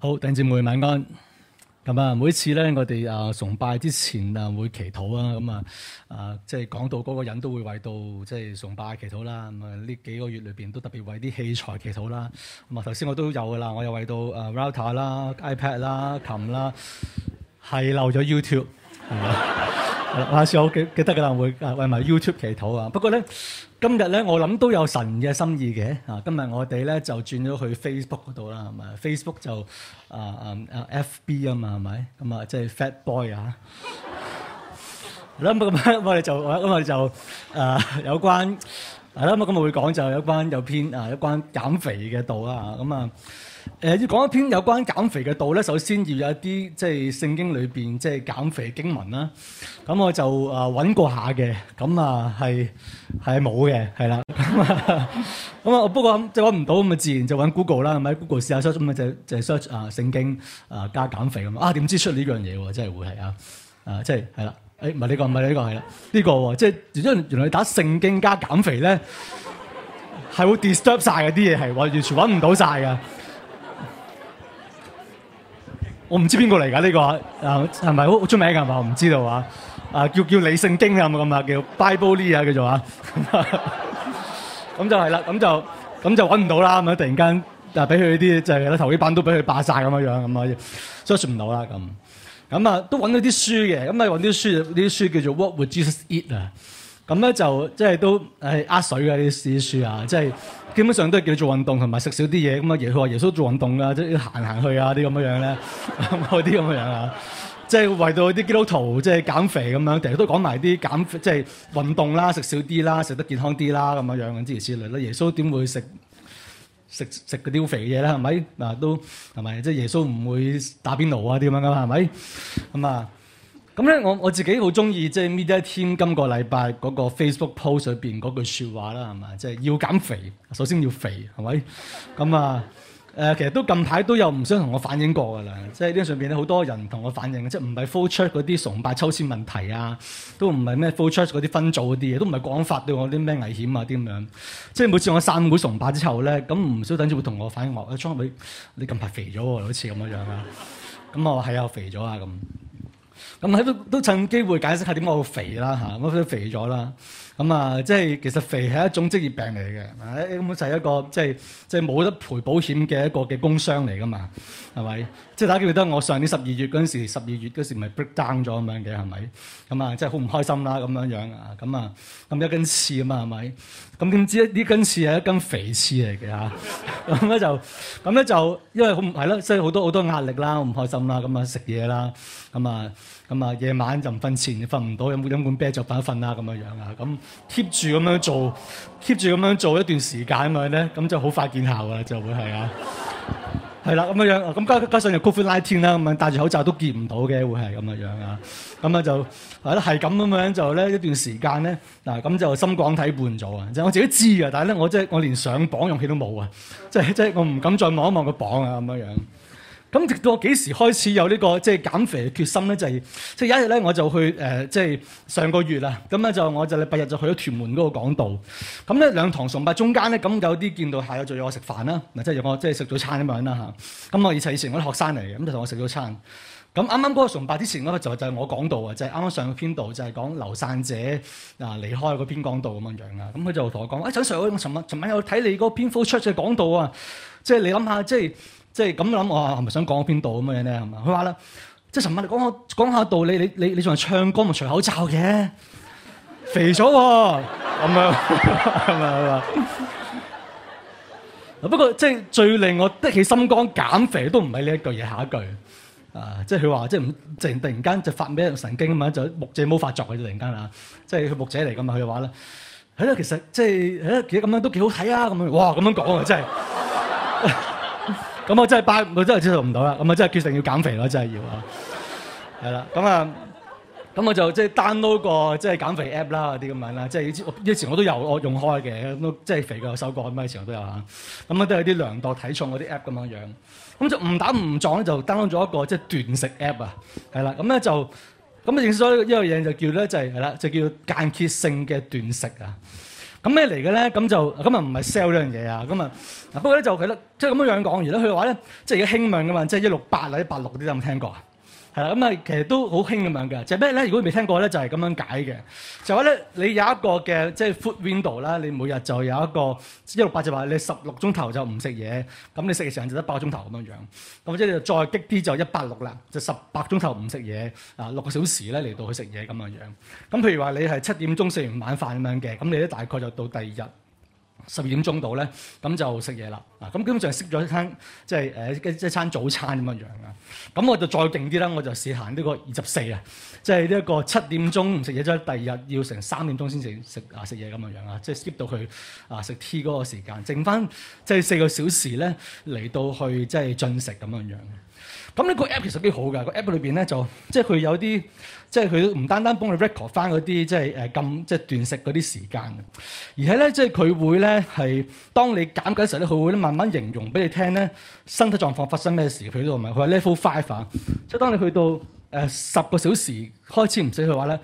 好，弟兄姊妹晚安。咁啊，每次咧，我哋啊崇拜之前啊會祈禱啊，咁啊啊即係講到嗰個人都會為到即係崇拜祈禱啦。咁啊，呢幾個月裏邊都特別為啲器材祈禱啦。咁啊，頭先我都有噶啦，我又為到啊 Router 啦、iPad 啦、嗯、琴啦，係漏咗 YouTube。啊，阿 Sir，我記記得㗎啦，會為埋 YouTube 祈禱啊。不過咧，今日咧，我諗都有神嘅心意嘅啊。今日我哋咧就轉咗去 Facebook 嗰度啦，係咪？Facebook 就啊啊啊 FB 啊嘛，係咪？咁啊，即係 Fat Boy 啊。咁啊咁，我哋就我咁啊就啊有關，咁啊咁啊會講就有關有篇啊有關減肥嘅道啦啊咁啊。誒要講一篇有關減肥嘅道咧，首先要有一啲即係聖經裏邊即係減肥經文啦。咁我就啊揾過下嘅，咁啊係係冇嘅，係啦。咁啊，找過啊 我不過即係揾唔到咁啊，自然就揾 Google 啦，係、就、咪、喺、？Google 試下 search，咁啊就就 search 啊聖經啊加減肥咁啊。點知出呢樣嘢喎？真係會係啊啊！即係係啦。誒唔係呢個，唔係呢個係啦。呢、呢個即係原嚟原來打聖經加減肥咧係會 disturb 晒嘅啲嘢係完全揾唔到晒㗎。我唔知邊個嚟㗎呢個啊？係咪好出名㗎嘛？我唔知道啊！啊叫叫《叫李聖經》啊，咁啊叫《Bible》啊叫做啊，咁 就係啦，咁就咁就揾唔到啦咁啊！突然間啊，俾佢啲就係、是、啲投資板都俾佢霸晒咁樣，咁啊 search 唔到啦咁。咁啊都搵到啲書嘅，咁啊搵啲書，呢啲書叫做《What Would Jesus Eat》啊。咁咧就即係都誒呃水嘅啲師書啊，即係基本上都係叫做運動同埋食少啲嘢。咁啊，耶穌話耶穌做運動㗎，即係要行行去啊啲咁嘅樣咧，嗰啲咁嘅樣啊，即係為到啲基督徒即係減肥咁樣，成日都講埋啲減肥即係運動啦、食少啲啦、食得健康啲啦咁樣樣之類之類啦。耶穌點會食食食嗰啲好肥嘅嘢咧？係咪嗱都係咪？即係耶穌唔會打邊爐啊啲咁樣㗎嘛？係咪咁啊？咁咧，我我自己好中意即係 Media Team 今個禮拜嗰個 Facebook post 裏邊嗰句説話啦，係嘛？即係要減肥，首先要肥，係咪？咁啊， 誒、呃，其實都近排都有唔少同我反映過噶啦，即係呢上邊咧好多人同我反映即係唔係 flow church 嗰啲崇拜抽籤問題啊，都唔係咩 flow church 嗰啲分組嗰啲嘢，都唔係講法對我啲咩危險啊啲咁樣。即係每次我散會崇拜之後咧，咁唔少等住會同我反映，我誒莊你近排肥咗喎，好似咁樣樣啊。咁我話係啊，肥咗啊咁。咁喺度都趁機會解釋下點解我會肥啦嚇，乜都肥咗啦。咁啊，即係其實肥係一種職業病嚟嘅，誒咁就係一個即係即係冇得賠保險嘅一個嘅工傷嚟㗎嘛，係咪？即係大家記得我上年十二月嗰時，十二月嗰時咪 break down 咗咁樣嘅，係咪？咁啊，即係好唔開心啦，咁樣樣啊，咁啊，咁一根刺吖嘛，係咪？咁點知呢根刺係一根肥刺嚟嘅嚇，咁咧 就，咁咧就因為好唔係咯，所以好多好多壓力啦，好唔開心啦，咁啊食嘢啦，咁啊，咁啊夜晚就唔瞓前瞓唔到，飲飲碗啤酒瞓一瞓啦，咁樣樣啊，咁。keep 住咁樣做，keep 住咁樣做一段時間咁樣咧，咁就好快見效噶啦，就會係啊，係啦咁樣，咁加加上又 COVID 啦添啦，咁啊戴住口罩都見唔到嘅，會係咁樣 樣啊，咁啊就係咯，係咁樣就咧一段時間咧，嗱咁就心廣體胖咗啊，就我自己知啊，但係咧我即係我連上磅勇氣都冇啊，即係即係我唔敢再望一望個磅啊咁樣樣。咁直到我幾時開始有呢、這個即係、就是、減肥嘅決心咧，就係即係有一日咧，我就去誒，即、呃、係、就是、上個月啦。咁咧就我就禮拜日就去咗屯門嗰個講道。咁咧兩堂崇拜中間咧，咁有啲見到下有就約我食飯啦，嗱即係有我即係食早餐咁樣啦嚇。咁我以前以前我啲學生嚟嘅，咁就同我食早餐。咁啱啱嗰個崇拜之前嗰個就就係我講道啊，就係啱啱上個篇道就係講劉散者啊離開個篇講道咁樣樣啊。咁佢就同我講，誒、哎、陳 Sir，尋日尋晚有睇你個篇科出嘅講道啊，即、就、係、是、你諗下即係。就是即係咁諗，我係咪想講邊度咁嘅嘢咧？係嘛？佢話咧，即係尋晚你講下道理，你你你仲係唱歌咪除口罩嘅，肥咗喎咁樣咁樣。不過即係、就是、最令我得起心肝減肥都唔係呢一句嘢，下一句。啊，即係佢話即係唔突然間就發咩神經咁樣。就木姐冇發作佢突然間啊，即係佢木姐嚟咁樣。佢話咧，係啦，其實即係誒，其實咁樣都幾好睇啊！咁樣哇，咁樣講啊，真係。 咁我真係巴，我真係接受唔到啦。咁我真係決定要減肥啦，真係要嚇，係啦。 咁啊，咁我就即係 download 個即係、就是、減肥 app 啦，啲咁樣啦。即係以前我都有我用開嘅，也我我也都即係肥過瘦過咁嘅時候都有嚇。咁啊都有啲量度體重嗰啲 app 咁樣樣。咁就誤打誤撞就 download 咗一個即係、就是、斷食 app 啊。係啦，咁咧就咁啊，認識咗一樣嘢就叫咧就係係啦，就叫間歇性嘅斷食啊。咁咩嚟嘅咧？咁就咁啊，唔係 sell 呢樣嘢啊。咁啊，不過咧就佢啦、就是，即係咁樣講。而咧佢嘅話咧，即係而家興問噶嘛，即係一六八或者，一八六，你哋有冇聽過啊？咁啊，其實都好興咁樣嘅，就係咩咧？如果你未聽過咧，就係咁樣解嘅，就話咧，你有一個嘅即係 food window 啦，你每日就有一個一六八就話你十六鐘頭就唔食嘢，咁你食嘅時間就得八個鐘頭咁樣樣，咁或者就再激啲就一八六啦，就十八鐘頭唔食嘢，啊六個小時咧嚟到去食嘢咁樣樣。咁譬如話你係七點鐘食完晚飯咁樣嘅，咁你咧大概就到第二日。十二點鐘到咧，咁就食嘢啦。啊，咁基本上 skip 咗一餐，即係誒一一餐早餐咁樣樣啊。咁我就再勁啲啦，我就試行呢個二十四啊，即係呢一個七點鐘唔食嘢，之後第二日要成三點鐘先食食啊食嘢咁樣樣啊，即係 skip 到佢啊食 tea 嗰個時間，剩翻即係四個小時咧嚟到去即係進食咁樣樣。咁呢個 app 其實幾好㗎，個 app 裏邊咧就即係佢有啲，即係佢唔單單幫你 record 翻嗰啲即係咁，即係斷、呃、食嗰啲時間，而且咧即係佢會咧係當你減緊時咧，佢會慢慢形容俾你聽咧身體狀況發生咩事，佢都話唔係佢話 level five、啊、即係當你去到十、呃、個小時開始唔使去話咧，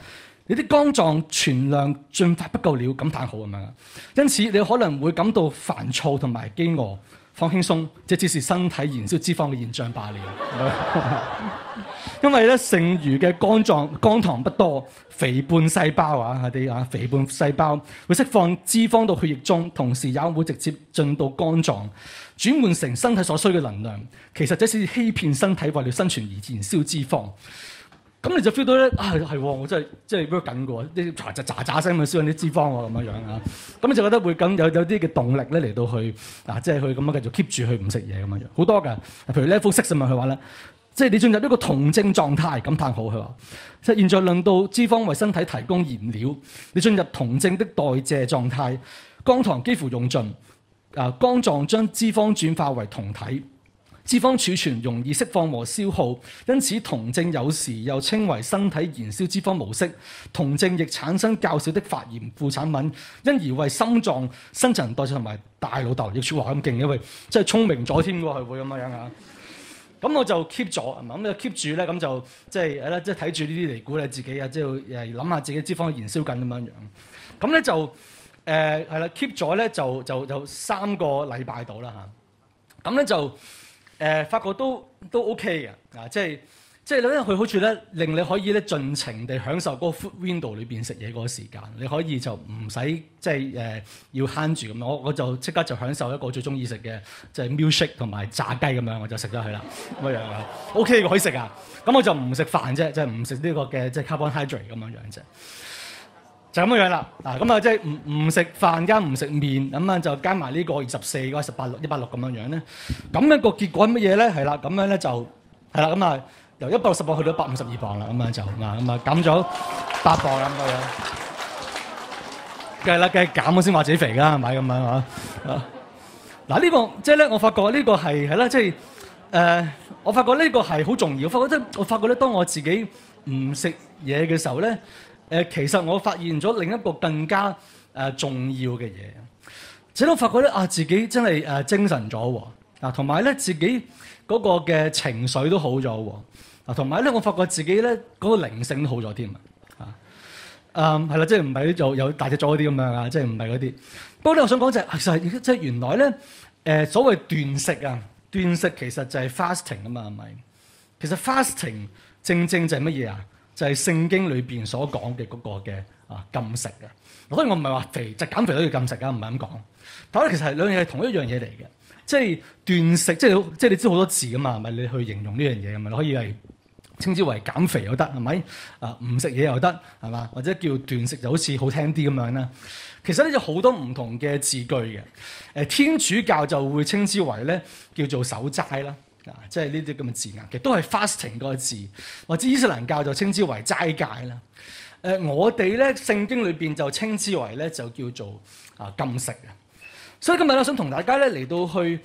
你啲肝臟存量進發不夠了，咁嘆好咁樣，因此你可能會感到煩躁同埋飢餓。放輕鬆，即只是身體燃燒脂肪嘅現象罷了。 因為咧，剩餘嘅肝臟肝糖不多，肥胖細胞啊，啲啊肥胖細胞會釋放脂肪到血液中，同時也會直接進到肝臟，轉換成身體所需嘅能量。其實只是欺騙身體，為了生存而燃燒脂肪。咁你就 feel 到咧，啊係喎，我真係真係 work 緊喎，啲喳渣喳聲咁燒緊啲脂肪喎，咁樣樣啊！咁你就覺得會咁有有啲嘅動力咧嚟到去，即係佢咁樣繼續 keep 住佢唔食嘢咁樣樣，好多噶。譬如 level six 佢話咧，即係你進入一個酮症狀態，感嘆好佢話，即係現在論到脂肪為身體提供燃料，你進入酮症的代謝狀態，肝糖幾乎用盡，啊，肝臟將脂肪轉化為酮體。脂肪儲存容易釋放和消耗，因此酮症有時又稱為身體燃燒脂肪模式。酮症亦產生較少的發炎副產品，因而為心臟、新陳代謝同埋大腦帶來益處。話咁勁，因為即係聰明咗添喎，係會咁樣樣啊。咁我就 keep 咗，咁就 keep 住咧，咁就即係係啦，即係睇住呢啲嚟估你自己啊，即係誒諗下自己脂肪燃燒緊咁樣樣。咁咧就誒係啦，keep 咗咧就就就三個禮拜到啦嚇。咁咧就。誒、呃，發覺都都 OK 嘅。啊，即係即係咧，佢好似咧令你可以咧盡情地享受嗰個 food window 裏邊食嘢嗰個時間，你可以就唔使即係誒、呃、要慳住咁，我我就即刻就享受一個最中意食嘅，即係 milkshake 同埋炸雞咁樣，我就食咗佢啦，咁嘅 樣 OK 嘅可以食啊，咁我就唔食飯啫，即係唔食呢個嘅即係 carbohydrate 咁嘅樣啫。就咁樣啦，嗱咁啊，即係唔唔食飯加唔食麵，咁啊就加埋呢個二十四個十八六一百六咁樣樣咧。咁樣個結果係乜嘢咧？係啦，咁樣咧就係啦，咁啊由一百六十磅去到一百五十二磅啦，咁啊就啊咁啊減咗八磅咁樣樣。梗係啦，梗係減嘅先話自己肥㗎，係咪咁樣啊？嗱，呢個即係咧，我發覺呢個係係啦，即係誒，我發覺呢個係好重要。我發覺即係我發覺咧，當我自己唔食嘢嘅時候咧。誒、呃、其實我發現咗另一個更加誒、呃、重要嘅嘢，即係我發覺咧啊，自己真係誒、呃、精神咗喎，啊同埋咧自己嗰個嘅情緒都好咗喎，啊同埋咧我發覺自己咧嗰個靈性都好咗添啊，誒係啦，即係唔係啲有大隻咗啲咁樣啊，即係唔係嗰啲？不過咧我想講就係、是啊，其實即係原來咧誒、呃、所謂斷食啊，斷食其實就係 fasting 啊嘛，係咪？其實 fasting 正正就係乜嘢啊？就係聖經裏邊所講嘅嗰個嘅啊禁食嘅，當然我唔係話肥就減、是、肥都要禁食啊，唔係咁講。但係咧其實係兩樣嘢係同一樣嘢嚟嘅，即係斷食，即係即係你知好多字噶嘛，咪你去形容呢樣嘢，咪可以係稱之為減肥又得，係咪？啊，唔食嘢又得，係嘛？或者叫斷食就好似好聽啲咁樣咧。其實呢就好多唔同嘅字句嘅。誒、呃、天主教就會稱之為咧叫做守齋啦。啊，即係呢啲咁嘅字眼，其實都係 fasting 嗰個字，或者伊斯蘭教就稱之為齋戒啦。誒、呃，我哋咧聖經裏邊就稱之為咧就叫做啊禁食啊。所以今日咧想同大家咧嚟到去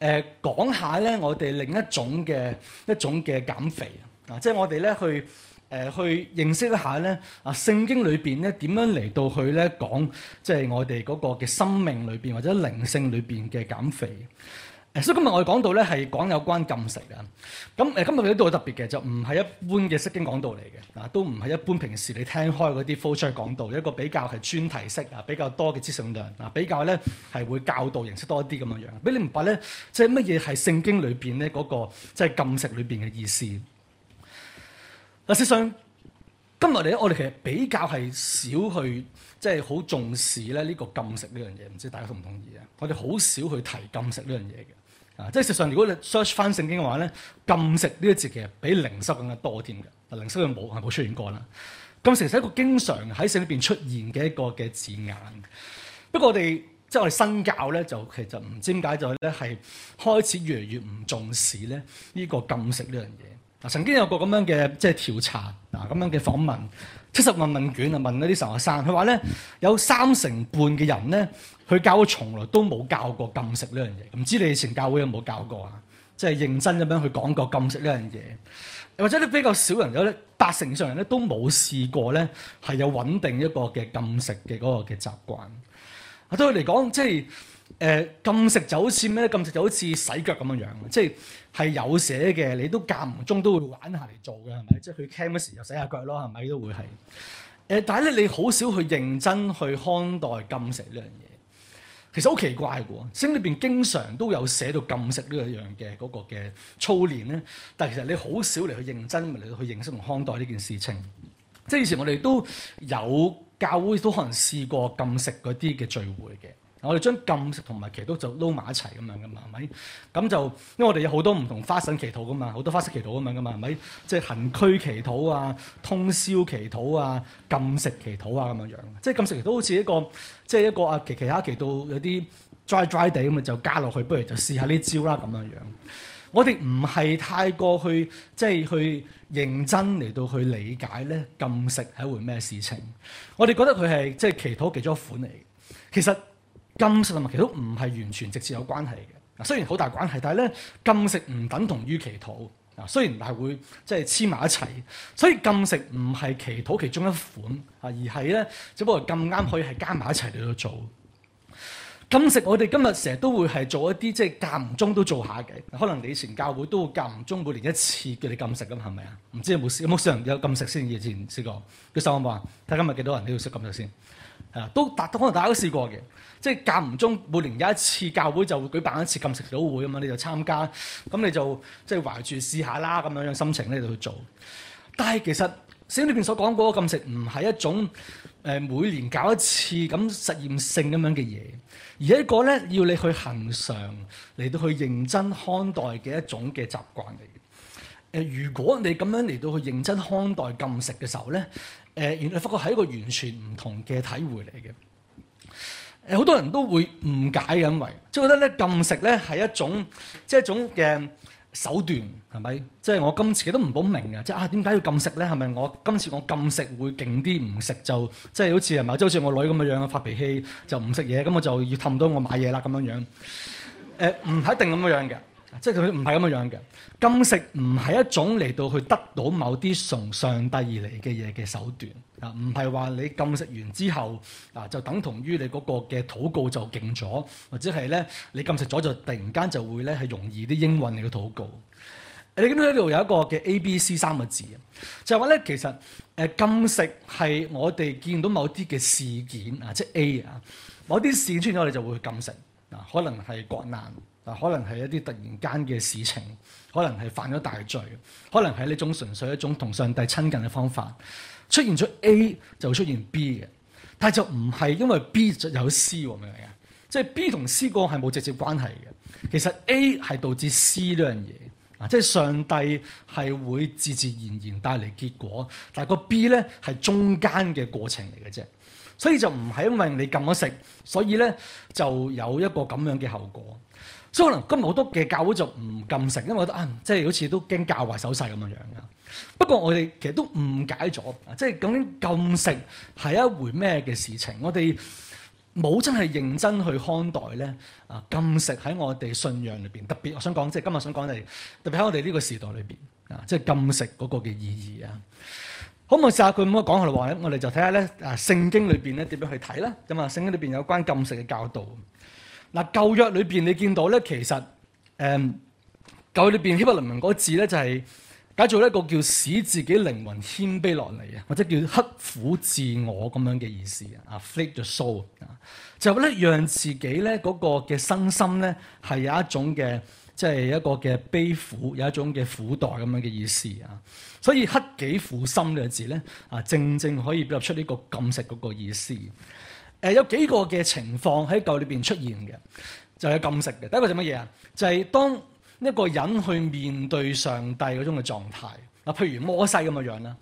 誒講、呃、下咧我哋另一種嘅一種嘅減肥啊，即係我哋咧去誒、呃、去認識一下咧啊聖經裏邊咧點樣嚟到去咧講，即係我哋嗰個嘅生命裏邊或者靈性裏邊嘅減肥。所以今日我哋講到咧，係講有關禁食嘅。咁誒，今日佢都好特別嘅，就唔係一般嘅釋經講道嚟嘅，啊，都唔係一般平時你聽開嗰啲課章講道，一個比較係專題式啊，比較多嘅資訊量啊，比較咧係會教導形式多啲咁嘅樣，俾你明白咧，即係乜嘢係聖經裏邊咧嗰個即係、就是、禁食裏邊嘅意思。嗱，事實上，今日嚟咧，我哋其實比較係少去即係好重視咧呢個禁食呢樣嘢，唔知大家同唔同意啊？我哋好少去提禁食呢樣嘢嘅。啊！即係事實上，如果你 search 翻聖經嘅話咧，禁食呢個字其實比靈修更加多添嘅。嗱，靈修就冇係冇出現過啦。咁成世一個經常喺聖經入邊出現嘅一個嘅字眼。不過我哋即係我哋新教咧，就其實唔知點解就咧、是、係開始越嚟越唔重視咧呢個禁食呢樣嘢。嗱，曾經有個咁樣嘅即係調查，嗱咁樣嘅訪問。七十萬問,問卷啊，問嗰啲神學生，佢話咧有三成半嘅人咧，佢教會從來都冇教過禁食呢樣嘢，唔知你以前教會有冇教過啊？即係認真咁樣去講過禁食呢樣嘢，或者啲比較少人有咧，八成上人咧都冇試過咧，係有穩定一個嘅禁食嘅嗰個嘅習慣。對佢嚟講，即係。誒禁食就好似咩？禁食就好似洗腳咁樣樣，即係係有寫嘅，你都間唔中都會玩下嚟做嘅，係咪？即係去 camp 嗰時又洗下腳咯，係咪都會係？誒、呃，但係咧，你好少去認真去看待禁食呢樣嘢。其實好奇怪嘅喎，聖經裏邊經常都有寫到禁食呢一樣嘅嗰個嘅操練咧，但係其實你好少嚟去認真嚟到、就是、去認識同看待呢件事情。即係以前我哋都有教會都可能試過禁食嗰啲嘅聚會嘅。我哋將禁食同埋祈禱就撈埋一齊咁樣噶嘛，係咪？咁就因為我哋有好多唔同花式祈禱噶嘛，好多花式祈禱咁樣噶嘛，係咪？即係行區祈禱啊，通宵祈禱啊，禁食祈禱啊咁樣樣。即係禁食祈禱好似一個，即係一個啊其其他祈禱有啲 dry、dry 地咁啊，就加落去，不如就試下呢招啦咁樣樣。我哋唔係太過去，即係去認真嚟到去理解咧禁食係一回咩事情。我哋覺得佢係即係祈禱其中一款嚟。其實。禁食同祈禱唔係完全直接有關係嘅，雖然好大關係，但係咧禁食唔等同於祈禱，啊雖然係會即係黐埋一齊，所以禁食唔係祈禱其中一款啊，而係咧只不過咁啱可以係加埋一齊嚟到做禁食。我哋今日成日都會係做一啲即係間唔中都做下嘅，可能你以前教會都會間唔中每年一次叫你禁食咁，係咪啊？唔知有冇有冇人有禁食先？以前試過，幾手啊嘛？睇今日幾多人都要食禁食先。都達都可能大家都試過嘅，即係間唔中每年有一次教會就會舉辦一次禁食組會咁樣，你就參加，咁你就即係懷住試下啦咁樣樣心情咧就去做。但係其實書裏邊所講嗰個禁食唔係一種誒、呃、每年搞一次咁實驗性咁樣嘅嘢，而係一個咧要你去恒常嚟到去認真看待嘅一種嘅習慣嚟嘅。誒、呃，如果你咁樣嚟到去認真看待禁食嘅時候咧。誒原來發覺係一個完全唔同嘅體會嚟嘅。誒好多人都會誤解，因為即係覺得咧禁食咧係一種即係、就是、一種嘅手段，係咪？即、就、係、是、我今次都唔好明嘅，即、就、係、是、啊點解要禁食咧？係咪我今次我禁食會勁啲，唔食就即係、就是、好似係咪？即、就是、好似我女咁嘅樣，發脾氣就唔食嘢，咁我就要氹到我買嘢啦咁樣樣。誒唔係一定咁嘅樣嘅，即係佢唔係咁嘅樣嘅。禁食唔係一種嚟到去得到某啲從上帝而嚟嘅嘢嘅手段啊，唔係話你禁食完之後啊，就等同於你嗰個嘅禱告就勁咗，或者係咧你禁食咗就突然間就會咧係容易啲應允你嘅禱告。你見唔見呢度有一個嘅 A、B、C 三個字啊？就係話咧，其實誒禁食係我哋見到某啲嘅事件啊，即係 A 啊，某啲事件出現咗，我哋就會禁食啊，可能係國難。可能係一啲突然間嘅事情，可能係犯咗大罪，可能係呢種純粹一種同上帝親近嘅方法。出現咗 A 就出現 B 嘅，但係就唔係因為 B 有 C 咁樣嘅，明唔明啊？即係 B 同 C 個係冇直接關係嘅。其實 A 係導致 C 呢樣嘢，嗱，即係上帝係會自自然然帶嚟結果，但係個 B 咧係中間嘅過程嚟嘅啫。所以就唔係因為你撳咗食，所以咧就有一個咁樣嘅後果。所以可能今日好多嘅教會就唔禁食，因為我覺得啊，即係好似都驚教壞手勢咁樣樣嘅。不過我哋其實都誤解咗，即係究竟禁食係一回咩嘅事情。我哋冇真係認真去看待咧啊！禁食喺我哋信仰裏邊，特別我想講，即係今日想講嚟，特別喺我哋呢個時代裏邊啊，即係禁食嗰個嘅意義啊。好唔好？試下佢咁樣講下嚟話咧，我哋就睇下咧啊，聖經裏邊咧點樣去睇啦？咁啊，聖經裏邊有關禁食嘅教導。嗱，舊約裏面你見到咧，其實誒舊、嗯、約裏邊希伯來文個字咧就係、是、解做一個叫使自己靈魂謙卑落嚟啊，或者叫刻苦自我咁樣嘅意思啊 afflict the soul 就咧讓自己咧嗰個嘅身心咧係有一種嘅即係一個嘅悲苦，有一種嘅苦待咁樣嘅意思啊。所以克己苦心嘅字咧啊，正正可以表達出呢個禁食嗰個意思。誒、呃、有幾個嘅情況喺舊裏邊出現嘅，就係、是、禁食嘅。第一個就乜嘢啊？就係、是、當一個人去面對上帝嗰種嘅狀態。嗱、啊，譬如摩西咁嘅樣啦，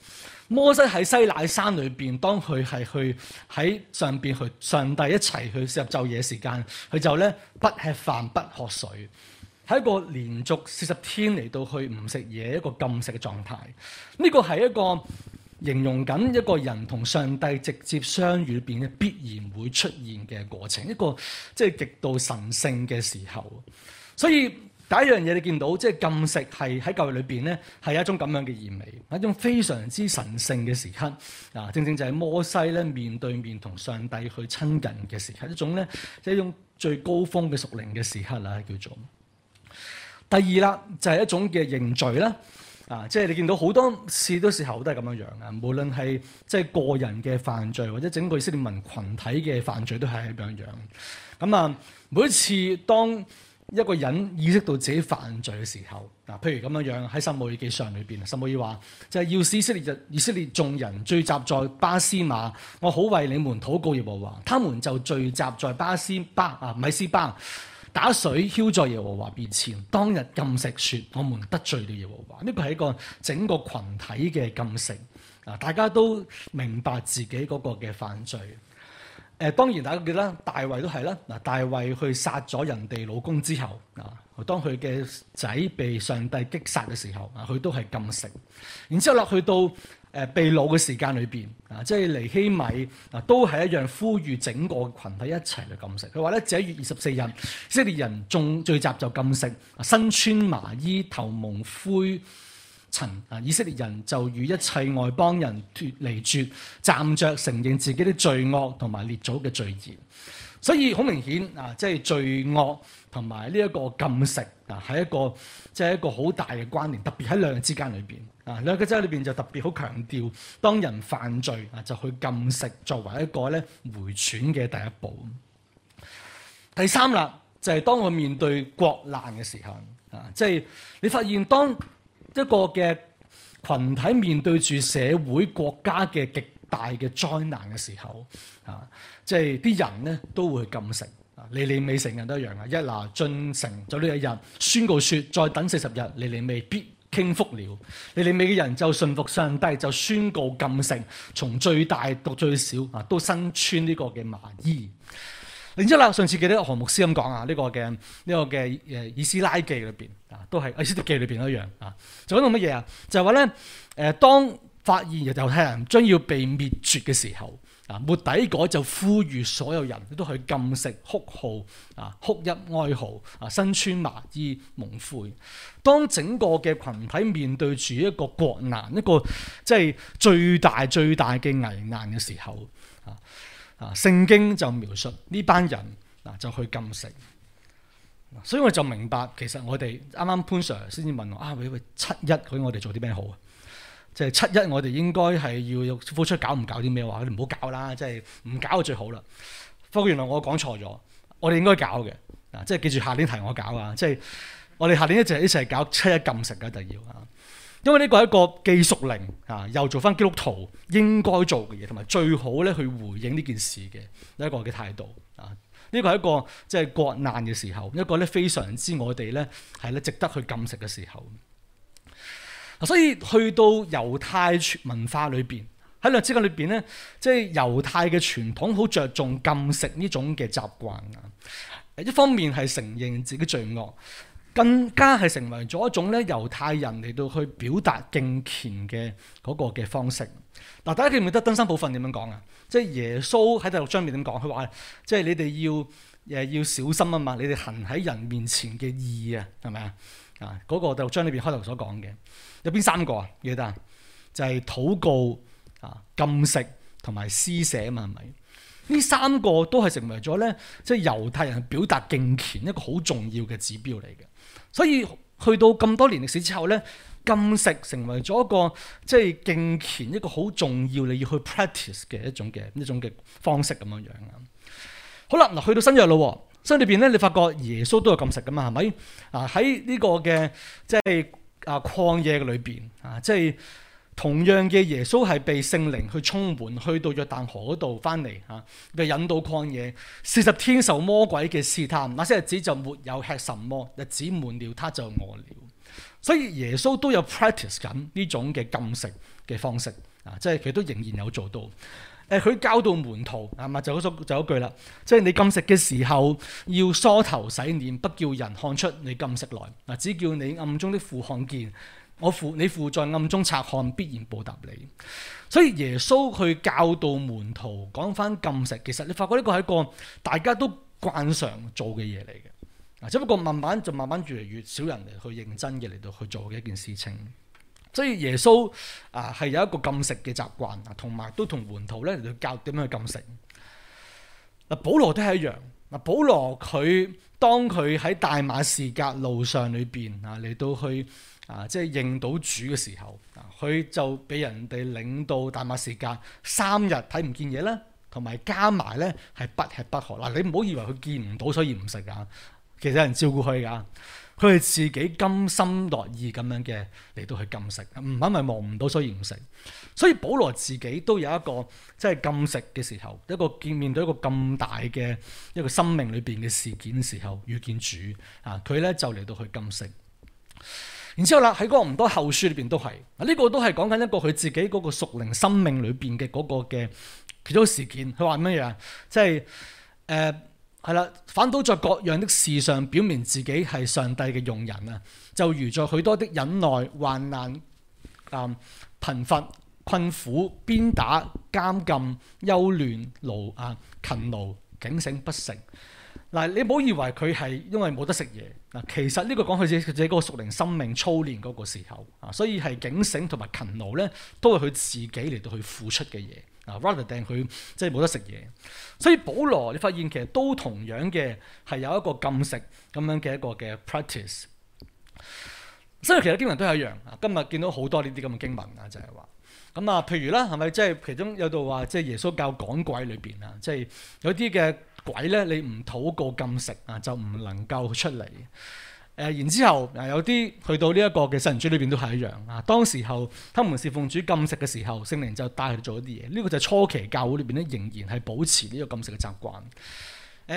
摩西喺西乃山裏邊，當佢係去喺上邊去上帝一齊去入晝夜時間，佢就咧不吃飯不喝水，係一個連續四十天嚟到去唔食嘢一個禁食嘅狀態。呢、這個係一個。形容緊一個人同上帝直接相遇裏邊嘅必然會出現嘅過程，一個即係極度神聖嘅時候。所以第一樣嘢你見到，即係禁食係喺教會裏邊咧係一種咁樣嘅意味，係一種非常之神聖嘅時刻。啊，正正就係摩西咧面對面同上帝去親近嘅時刻，一種咧即係一種最高峰嘅屬靈嘅時刻啦，叫做。第二啦，就係一種嘅認罪啦。啊！即、就、係、是、你見到好多次都時候都係咁樣樣啊！無論係即係個人嘅犯罪，或者整個以色列民群體嘅犯罪，都係咁樣樣。咁啊，每一次當一個人意識到自己犯罪嘅時候，嗱、啊，譬如咁樣樣喺《撒母耳記上裡面》裏邊，《撒母耳》話就係、是、要以色列日以色列眾人聚集在巴斯馬，我好為你們禱告耶和華。他們就聚集在巴斯巴啊，米斯巴。打水澆在耶和華面前，當日禁食説：我們得罪了耶和華，呢個係一個整個群體嘅禁食。嗱，大家都明白自己嗰個嘅犯罪。誒、呃，當然大家記得大衛都係啦。嗱，大衛去殺咗人哋老公之後，嗱，當佢嘅仔被上帝擊殺嘅時候，佢都係禁食。然之後落去到。誒被擄嘅時間裏邊啊，即係尼希米啊，都係一樣呼籲整個群體一齊去禁食。佢話咧，十一月二十四日，的以色列人眾聚集就禁食，身穿麻衣，頭蒙灰塵啊。以色列人就與一切外邦人脱離絕，站着承認自己啲罪惡同埋列祖嘅罪孽。所以好明顯啊，即係罪惡同埋呢一個禁食啊，係、就是、一個即係一個好大嘅關聯，特別喺兩日之間裏邊。啊！《禮記》真係裏邊就特別好強調，當人犯罪啊，就去禁食作為一個咧回轉嘅第一步。第三啦，就係、是、當我面對國難嘅時候啊，即、就、係、是、你發現當一個嘅群體面對住社會國家嘅極大嘅災難嘅時候啊，即係啲人咧都會禁食啊，尼尼微人都一樣啊，約拿進城就呢一日，宣告説再等四十日尼尼微必，傾覆了，尼尼微人就信服上帝，就宣告禁食，從最大到最少啊，都身穿呢個嘅麻衣。你知啦，上次記得何牧師咁講啊，呢、這個嘅呢、這個嘅誒以斯拉記裏邊啊，都係《以斯帖記》裏邊一樣啊。做緊做乜嘢啊？就話咧，誒、就是，當發現猶太人將要被滅絕嘅時候。啊！末底改就呼籲所有人都去禁食、哭號、啊哭泣哀號、啊身穿麻衣蒙灰。當整個嘅群體面對住一個國難、一個即係最大最大嘅危難嘅時候，啊啊！聖經就描述呢班人啊就去禁食。所以我就明白，其實我哋啱啱潘 Sir 先至問我啊，喂喂，七一佢我哋做啲咩好啊？即係七一，我哋應該係要付出，搞唔搞啲咩話？你唔好搞啦，即係唔搞就最好啦。不過原來我講錯咗，我哋應該搞嘅啊！即係記住下年提我搞啊！即係我哋下年一齊一齊搞七一禁食嘅一定要啊！因為呢個係一個記熟令啊，又做返基督徒應該做嘅嘢，同埋最好咧去回應呢件事嘅一個嘅態度啊！呢個係一個即係國難嘅時候，一個咧非常之我哋咧係咧值得去禁食嘅時候。所以去到猶太文化裏邊喺兩之間裏邊咧，即係猶太嘅傳統好着重禁食呢種嘅習慣啊！一方面係承認自己的罪惡，更加係成為咗一種咧猶太人嚟到去表達敬虔嘅嗰個嘅方式。嗱，大家記唔記得登山寶訓點樣講啊？即係耶穌喺第六章裏邊點講？佢話即係你哋要誒要小心啊嘛！你哋行喺人面前嘅義啊，係咪啊？嗱，嗰個第六章裏邊開頭所講嘅。有邊三個啊？記得就係、是、禱告、啊禁食同埋施捨啊嘛，係咪？呢三個都係成為咗咧，即、就、係、是、猶太人表達敬虔一個好重要嘅指標嚟嘅。所以去到咁多年歷史之後咧，禁食成為咗一個即係、就是、敬虔一個好重要你要去 practice 嘅一種嘅一種嘅方式咁樣這樣，好啦，嗱，去到新約啦，新約裏邊咧，你發覺耶穌都有禁食噶嘛，係咪？啊喺呢個嘅即係，就是啊！曠野嘅裏邊啊，即係同樣嘅耶穌係被聖靈去充滿，去到約旦河度翻嚟啊，被引導曠野四十天受魔鬼嘅試探，那些日子就沒有吃什麼，日子滿了他就餓了。所以耶穌都有 practice 緊呢種嘅禁食嘅方式啊，即係佢都仍然有做到。誒佢教導門徒，嗱咪就嗰、是、就嗰句啦，即係你禁食嘅時候要梳頭洗臉，不叫人看出你禁食來，嗱，只叫你暗中的父看見，我父你父在暗中察看，必然報答你。所以耶穌佢教導門徒講返禁食，其實你發覺呢個係一個大家都慣常做嘅嘢嚟嘅，嗱，只不過慢慢就慢慢越嚟越少人嚟去認真嘅嚟到去做嘅一件事情。所以耶穌啊係有一個禁食嘅習慣啊，同埋都同門徒咧嚟到教點樣去禁食。嗱，保羅都係一樣。嗱，保羅佢當佢喺大馬士革路上裏邊啊嚟到去啊，即係認到主嘅時候啊，佢就俾人哋領到大馬士革三日睇唔見嘢啦，同埋加埋咧係不吃不喝嗱。你唔好以為佢見唔到所以唔食㗎，其實有人照顧佢㗎。佢哋自己甘心樂意咁樣嘅嚟到去禁食，唔係咪望唔到所以唔食。所以保羅自己都有一個即係禁食嘅時候，一個見面對一個咁大嘅一個生命裏邊嘅事件時候遇見主啊，佢咧就嚟到去禁食。然之後啦，喺嗰唔多後書裏邊都係，呢、啊這個都係講緊一個佢自己嗰個屬靈生命裏邊嘅嗰個嘅其中事件。佢話乜嘢啊？即係誒。呃係啦，反倒在各樣的事上表明自己係上帝嘅用人啊，就如在許多的忍耐、患難、啊、嗯、貧乏、困苦、鞭打、監禁、憂亂、勞啊勤勞、警醒不食。嗱，你唔好以為佢係因為冇得食嘢嗱，其實呢個講佢自己個屬靈生命操練嗰個時候啊，所以係警醒同埋勤勞咧，都係佢自己嚟到去付出嘅嘢啊。rather than 佢即係冇得食嘢，所以保羅你發現其實都同樣嘅係有一個禁食咁樣嘅一個嘅 practice。所以其實啲經文都係一樣啊。今日見到好多呢啲咁嘅經文啊，就係話咁啊，譬如啦，係咪即係其中有度話即係耶穌教講鬼裏邊啊，即係有啲嘅。鬼咧，你唔禱告禁食啊，就唔能夠出嚟、啊、然之後、啊、有啲去到呢一個嘅神主書裏邊都係一樣啊。當時候他們侍奉主禁食嘅時候，聖靈就帶佢做咗啲嘢。呢、這個就係初期教會裏面咧，仍然係保持呢個禁食嘅習慣。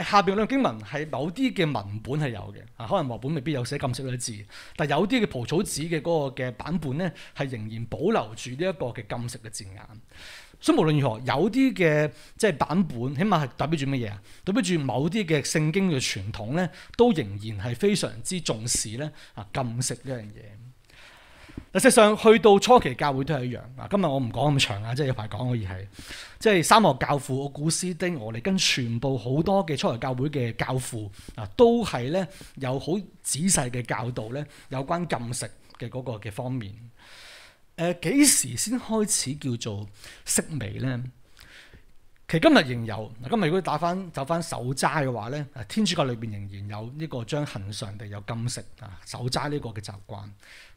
下面兩經文係某啲嘅文本係有嘅啊，可能舊本未必有寫禁食嘅字，但係有啲嘅蒲草紙嘅嗰個嘅版本咧，係仍然保留住呢一個嘅禁食嘅字眼。所以無論如何，有啲嘅即係版本，起碼係代表住乜嘢啊？代表住某啲嘅聖經嘅傳統咧，都仍然係非常之重視咧啊禁食呢樣嘢。實際上去到初期教會都係一樣。啊，今日我唔講咁長啊，即係有排講可以係，即係三學教父、奧古斯丁，我哋跟全部好多嘅初期教會嘅教父啊，都係咧有好仔細嘅教導咧，有關禁食嘅嗰個嘅方面。誒幾、呃、時先開始叫做色味咧？其實今日仍有。嗱，今日如果打翻走翻守齋嘅話咧，天主教裏邊仍然有呢個將恒常地有禁食啊守齋呢個嘅習慣，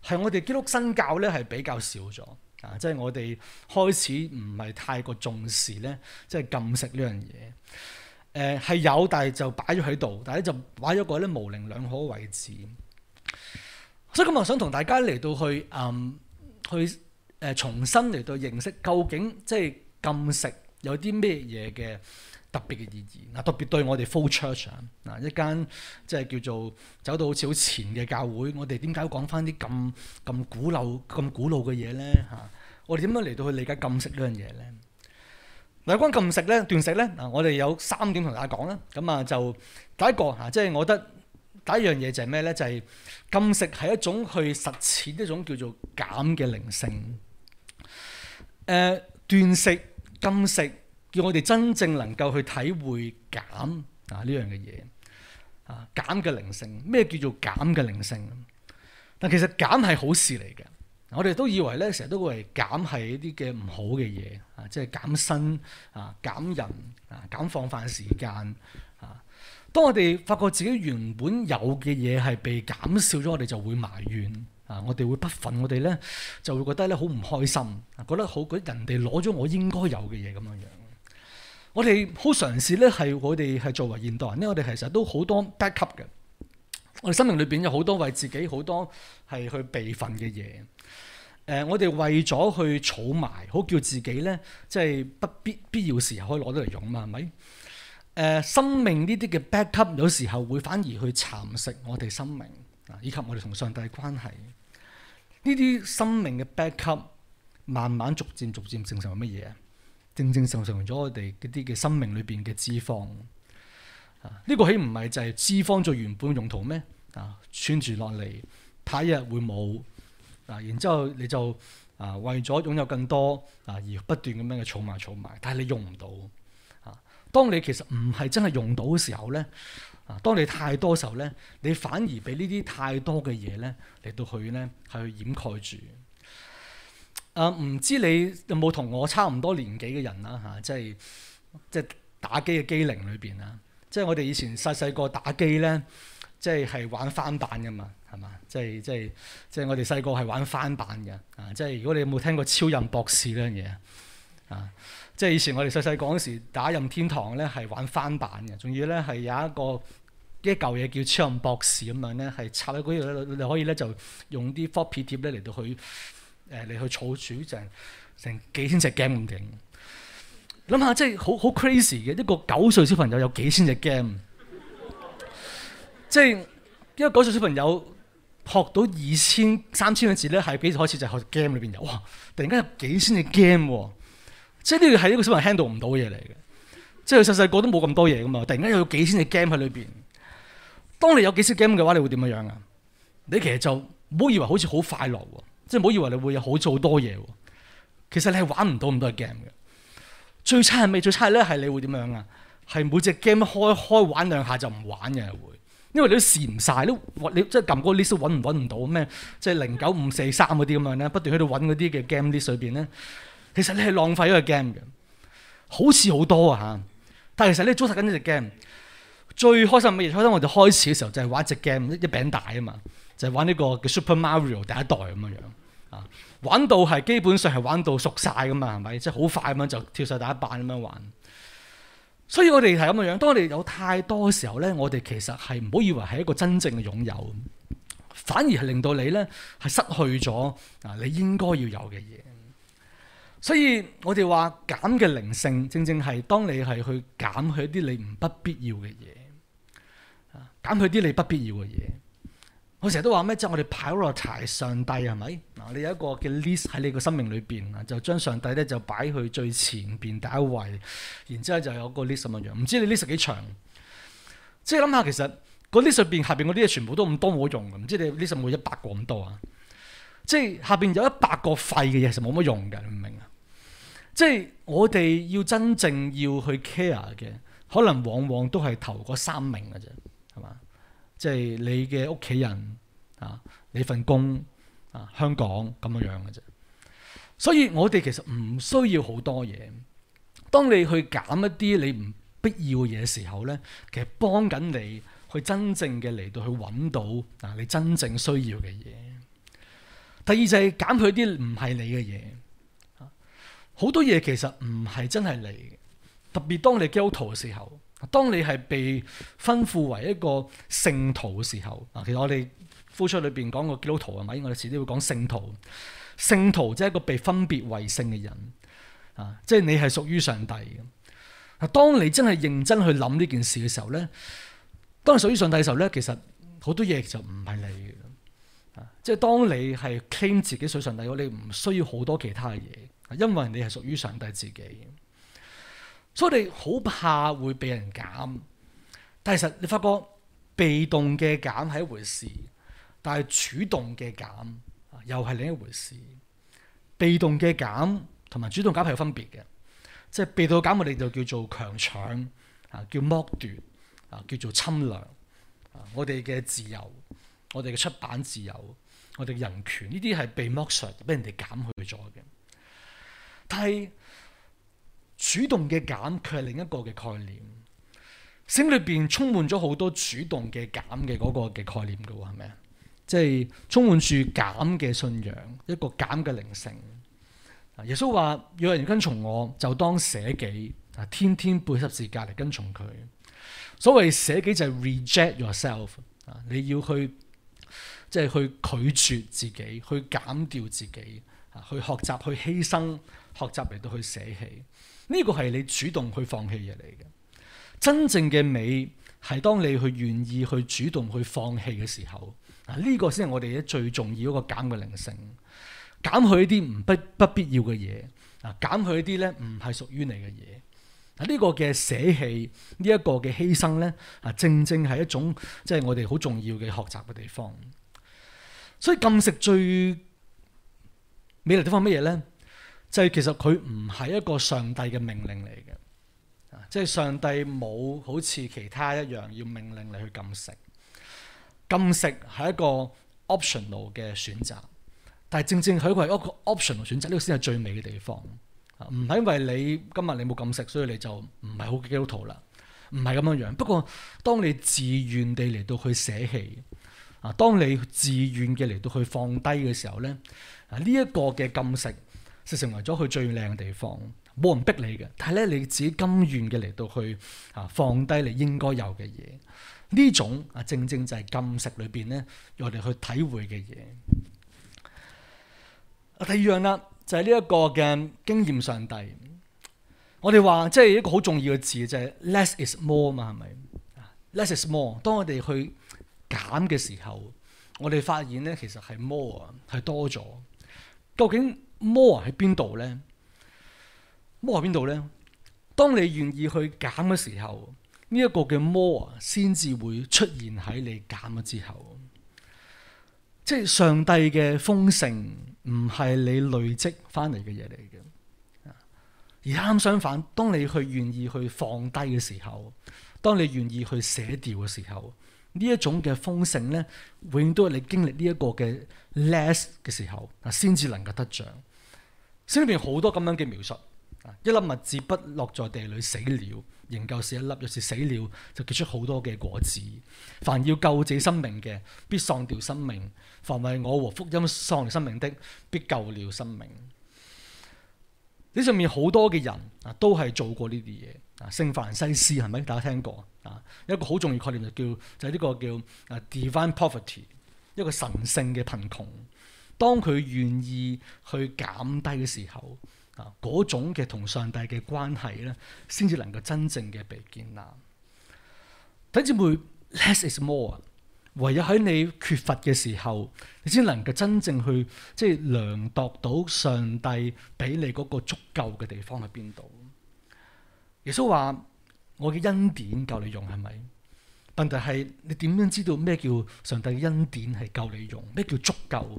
係我哋基督新教咧係比較少咗啊！即、就、係、是、我哋開始唔係太過重視咧，即、就、係、是、禁食呢樣嘢。誒、呃、係有，但係就擺咗喺度，但係就擺咗個咧模稜兩可嘅位置。所以今日想同大家嚟到去嗯。去誒重新嚟到認識究竟即係禁食有啲咩嘢嘅特別嘅意義？嗱，特別對我哋 Flow Church 啊，嗱一間即係叫做走到好似好前嘅教會，我哋點解要講翻啲咁咁古老、咁古老嘅嘢咧？嚇，我哋點樣嚟到去理解禁食呢樣嘢咧？有關禁食咧、斷食咧，嗱我哋有三點同大家講啦。咁啊，就第一個嚇，即係我覺得。第一樣嘢就係咩咧？就係、是、禁食係一種去實踐一種叫做減嘅靈性、呃。誒，斷食、禁食，叫我哋真正能夠去體會減啊呢樣嘅嘢啊，減嘅靈性。咩叫做減嘅靈性？但其實減係好事嚟嘅。我哋都以為咧，成日都會減係一啲嘅唔好嘅嘢啊，即係減薪、啊、減人啊、減放飯時間。當我哋發覺自己原本有嘅嘢係被減少咗，我哋就會埋怨啊！我哋會不忿，我哋咧就會覺得咧好唔開心，覺得好嗰人哋攞咗我應該有嘅嘢咁樣樣。我哋好嘗試咧，係我哋係作為現代人咧，我哋其實都好多 backup 嘅。我哋心靈裏面有好多為自己好多係去備份嘅嘢。誒、呃，我哋為咗去儲埋，好叫自己咧即係不必必要時候可以攞到嚟用啊？嘛，係咪？誒、呃、生命呢啲嘅 backup，有時候會反而去蠶食我哋生命啊，以及我哋同上帝嘅關係呢啲生命嘅 backup，慢慢逐漸逐漸變成乜嘢？正正就成為咗我哋啲嘅生命裏邊嘅脂肪啊！呢、呢個起唔係就係脂肪最原本用途咩？啊，存住落嚟，睇日會冇啊，然之後你就啊為咗擁有更多啊而不斷咁樣嘅儲埋儲埋，但係你用唔到。當你其實唔係真係用到嘅時候咧，啊，當你太多時候咧，你反而俾呢啲太多嘅嘢咧嚟到去咧係去掩蓋住。啊，唔知你有冇同我差唔多年紀嘅人啦嚇，即係即係打機嘅機齡裏邊啊，即係、啊、我哋以前細細個打機咧，即係係玩翻版㗎嘛，係嘛？即係即係即係我哋細個係玩翻版嘅啊！即係如果你有冇聽過超人博士呢樣嘢啊？即係以前我哋細細講嗰時，打任天堂咧係玩翻版嘅，仲要咧係有一個一舊嘢叫超任博士咁樣咧，係插喺嗰度咧，你可以咧就用啲 floppy 碟咧嚟到去誒嚟、呃、去儲儲成、就是、成幾千隻 game 咁勁。諗下即係好好 crazy 嘅，一個九歲小朋友有幾千隻 game， 即係一個九歲小朋友學到二千、三千個字咧，係幾時開始就喺 game 裏邊有哇！突然間有幾千隻 game 喎。即係呢個係一個小朋友 handle 唔到嘅嘢嚟嘅，即係佢細細個都冇咁多嘢噶嘛，突然間有幾千隻 game 喺裏邊。當你有幾千隻 game 嘅話，你會點樣啊？你其實就唔好以為好似好快樂喎、啊，即係唔好以為你會有好做好多嘢喎、啊。其實你係玩唔到咁多 game 嘅。最差係咩？最差係咧係你會點樣啊？係每隻 game 開開玩兩下就唔玩嘅會，因為你都試唔晒，都你，你即係撳嗰個 list 揾唔揾唔到咩？即係零九五四三嗰啲咁樣咧，不斷喺度揾嗰啲嘅 game list 裏邊咧。其實你係浪費嗰個 game 嘅，好似好多啊嚇！但係其實你糟蹋緊呢隻 game。最開心嘅嘢，開心我哋開始嘅時候就係玩隻 game 一餅大啊嘛，就係、是、玩呢個叫 Super Mario 第一代咁嘅樣啊。玩到係基本上係玩到熟晒噶嘛，係咪？即係好快咁樣就跳曬第一版咁樣玩。所以我哋係咁嘅樣，當我哋有太多時候咧，我哋其實係唔好以為係一個真正嘅擁有，反而係令到你咧係失去咗啊！你應該要有嘅嘢。所以我哋話減嘅靈性，正正係當你係去減去一啲你唔不必要嘅嘢，減去啲你不必要嘅嘢。我成日都話咩？即係我哋 prioritise 上帝係咪？嗱，你有一個嘅 list 喺你個生命裏邊啊，就將上帝咧就擺去最前邊第一位，然之後就有個 list 乜樣？唔知你 list 幾長？即係諗下其實嗰 list 入邊下邊嗰啲嘢全部都咁多冇用嘅，唔知你 list 有冇一百個咁多啊？即係下邊有一百個廢嘅嘢，其實冇乜用嘅，你明唔明啊？即係我哋要真正要去 care 嘅，可能往往都係頭嗰三名嘅啫，係嘛？即係你嘅屋企人啊，你份工啊，香港咁樣樣嘅啫。所以我哋其實唔需要好多嘢。當你去減一啲你唔必要嘅嘢時候咧，其實幫緊你去真正嘅嚟到去搵到啊你真正需要嘅嘢。第二就係減去啲唔係你嘅嘢。好多嘢其實唔係真係你嘅，特別當你基督徒嘅時候，當你係被吩咐為一個聖徒嘅時候，嗱，其實我哋呼出裏邊講個基督徒係咪？我哋遲啲會講聖徒，聖徒即係一個被分別為聖嘅人，啊，即係你係屬於上帝嘅，啊。當你真係認真去諗呢件事嘅時候咧，當你屬於上帝嘅時候咧，其實好多嘢就唔係你嘅，啊，即係當你係 claim 自己屬上帝，你唔需要好多其他嘅嘢。因為你係屬於上帝自己，所以你好怕會被人減。但係其實你發覺，被動嘅減係一回事，但係主動嘅減又係另一回事。被動嘅減同埋主動減係有分別嘅，即係被動減我哋就叫做強搶啊，叫剝奪啊，叫做侵掠啊，我哋嘅自由、我哋嘅出版自由、我哋嘅人權，呢啲係被剝削，俾人哋減去咗嘅。但係主動嘅減，卻係另一個嘅概念。聖經裏邊充滿咗好多主動嘅減嘅嗰個嘅概念㗎喎，係咪啊？即係充滿住減嘅信仰，一個減嘅靈性。耶穌話：有人跟從我，就當捨己啊，天天背十字架嚟跟從佢。所謂捨己就係 reject yourself 啊，你要去即係、就係、去拒絕自己，去減掉自己啊，去學習去犧牲。學習嚟到去捨棄，呢個係你主動去放棄嘢嚟嘅。真正嘅美係當你去願意去主動去放棄嘅時候，啊呢個先係我哋咧最重要一個減嘅靈性，減去一啲唔不不必要嘅嘢，啊減去一啲咧唔係屬於你嘅嘢。啊呢個嘅捨棄，呢一個嘅犧牲咧，啊正正係一種即係我哋好重要嘅學習嘅地方。所以禁食最美麗地方係乜嘢咧？即係其實佢唔係一個上帝嘅命令嚟嘅，啊！即係上帝冇好似其他一樣要命令你去禁食，禁食係一個 optional 嘅選擇。但係正正佢係一個 optional 選擇，呢個先係最美嘅地方。啊，唔係因為你今日你冇禁食，所以你就唔係好基督徒啦，唔係咁樣樣。不過當你自願地嚟到去捨棄，啊，當你自願嘅嚟到去放低嘅時候咧，啊，呢一個嘅禁食，就成為咗佢最靚嘅地方，冇人逼你嘅，但係咧你自己甘願嘅嚟到去啊放低你應該有嘅嘢，呢種啊正正就係禁食裏邊咧，我哋去體會嘅嘢。第二樣啦，就係呢一個嘅經驗上帝。我哋話即係一個好重要嘅字，就係 less is more 啊嘛，係咪？less is more。當我哋去減嘅時候，我哋發現咧其實係 more 啊，係多咗。究竟？摩啊喺邊度咧？摩喺邊度呢？當你願意去減嘅時候，呢一個嘅摩啊，先至會出現喺你減咗之後。即係上帝嘅豐盛唔係你累積翻嚟嘅嘢嚟嘅。而啱相反，當你去願意去放低嘅時候，當你願意去捨掉嘅時候，呢一種嘅豐盛呢，永遠都係你經歷呢一個嘅 less 嘅時候，嗱先至能夠得獎。書裏邊好多咁樣嘅描述，一粒麥子不落在地裏死了，仍舊是一粒；若是死了，就結出好多嘅果子。凡要救自己生命嘅，必喪掉生命；凡為我和福音喪掉生命的，必救了生命。呢上面好多嘅人啊，都係做過呢啲嘢。聖凡西斯係咪？大家聽過啊？一個好重要概念就叫就係、是、呢個叫啊 Divine Poverty，一個神性嘅貧窮。當佢願意去減低嘅時候，嗱嗰種嘅同上帝嘅關係咧，先至能夠真正嘅被建立。弟兄姊妹，less is more！唯有喺你缺乏嘅時候，你先能夠真正去即係、就是、量度到上帝俾你嗰個足夠嘅地方喺邊度。耶穌話：我嘅恩典夠你用係咪？但係問題係你點樣知道咩叫上帝嘅恩典係夠你用？咩叫足夠？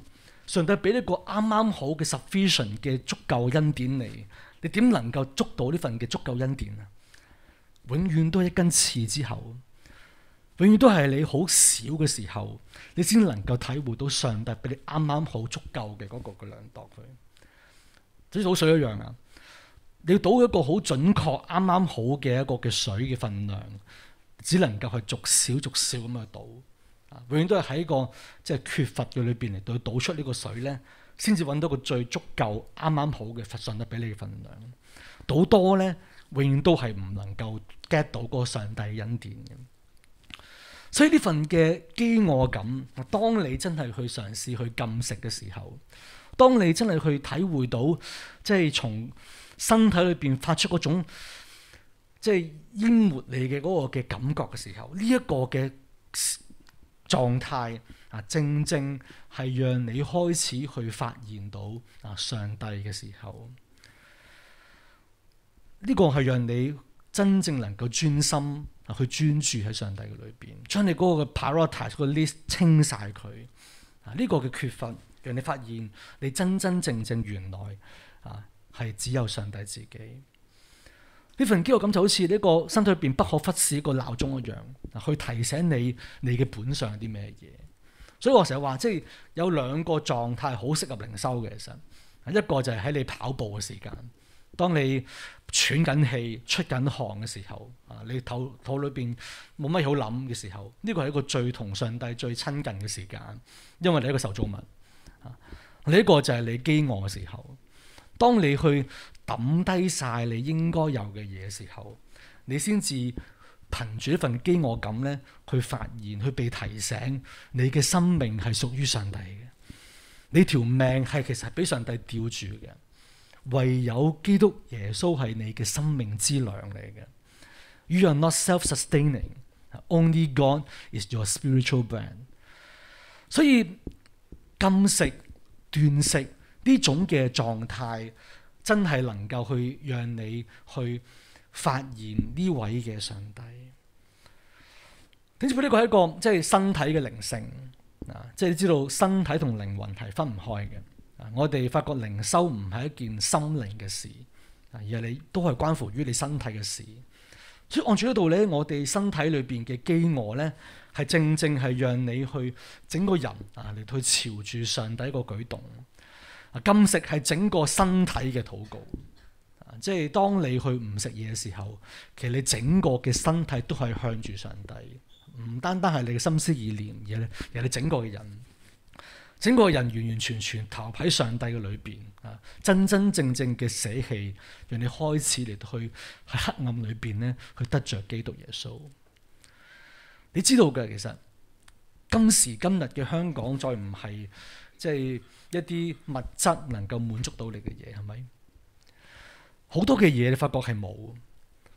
上帝俾一個啱啱好嘅 sufficient 嘅足夠恩典你，你點能夠捉到呢份嘅足夠恩典啊？永遠都係一根刺之後，永遠都係你好少嘅時候，你先能夠體會到上帝俾你啱啱好足夠嘅嗰個嘅量度佢，好似倒水一樣啊！你要倒一個好準確啱啱好嘅一個嘅水嘅分量，只能夠去逐少逐少咁去倒。永遠都係喺個即係缺乏嘅裏邊嚟到倒出呢個水咧，先至揾到個最足夠啱啱好嘅佛信得俾你嘅份量。倒多咧，永遠都係唔能夠 get 到個上帝恩典嘅。所以呢份嘅飢餓感，當你真係去嘗試去禁食嘅時候，當你真係去體會到即係從身體裏邊發出嗰種即係淹沒你嘅嗰個嘅感覺嘅時候，呢一個嘅狀態啊，正正係讓你開始去發現到啊上帝嘅時候，呢個係讓你真正能夠專心啊去專注喺上帝嘅裏邊，將你嗰個嘅 priority 個 list 清晒佢啊，呢個嘅缺乏，讓你發現你真真正正原來啊係只有上帝自己呢份肌肉感就好似呢個身體裏邊不可忽視一個鬧鐘一樣。去提醒你你嘅本上本相係啲咩嘢，所以我成日話，即係有兩個狀態好適合靈修嘅，其實一個就係喺你跑步嘅時間，當你喘緊氣、出緊汗嘅時候，啊你肚肚裏邊冇乜好諗嘅時候，呢個係一個最同上帝最親近嘅時間，因為你係一個受造物。另一個就係你飢餓嘅時候，當你去抌低晒你應該有嘅嘢時候，你先至。憑住一份飢餓感咧，去發現，去被提醒，你嘅生命係屬於上帝嘅，你條命係其實係俾上帝吊住嘅，唯有基督耶穌係你嘅生命之糧嚟嘅。You are not self-sustaining. Only God is your spiritual bread. 所以禁食、斷食呢種嘅狀態，真係能夠去讓你去發現呢位嘅上帝。因此呢個係一個即係身體嘅靈性啊！即係你知道身體同靈魂係分唔開嘅。我哋發覺靈修唔係一件心靈嘅事，而係你都係關乎於你身體嘅事。所以按住呢個道理，我哋身體裏邊嘅飢餓咧，係正正係讓你去整個人啊，嚟去朝住上帝一個舉動。啊，禁食係整個身體嘅禱告啊！即係當你去唔食嘢嘅時候，其實你整個嘅身體都係向住上帝。唔單單係你嘅心思意念，而係而係你整個嘅人，整個嘅人完完全全投喺上帝嘅裏邊啊，真真正正嘅捨棄，讓你開始嚟去喺黑暗裏邊咧去得着基督耶穌。你知道嘅，其實今時今日嘅香港再唔係即係一啲物質能夠滿足到你嘅嘢，係咪？好多嘅嘢你發覺係冇，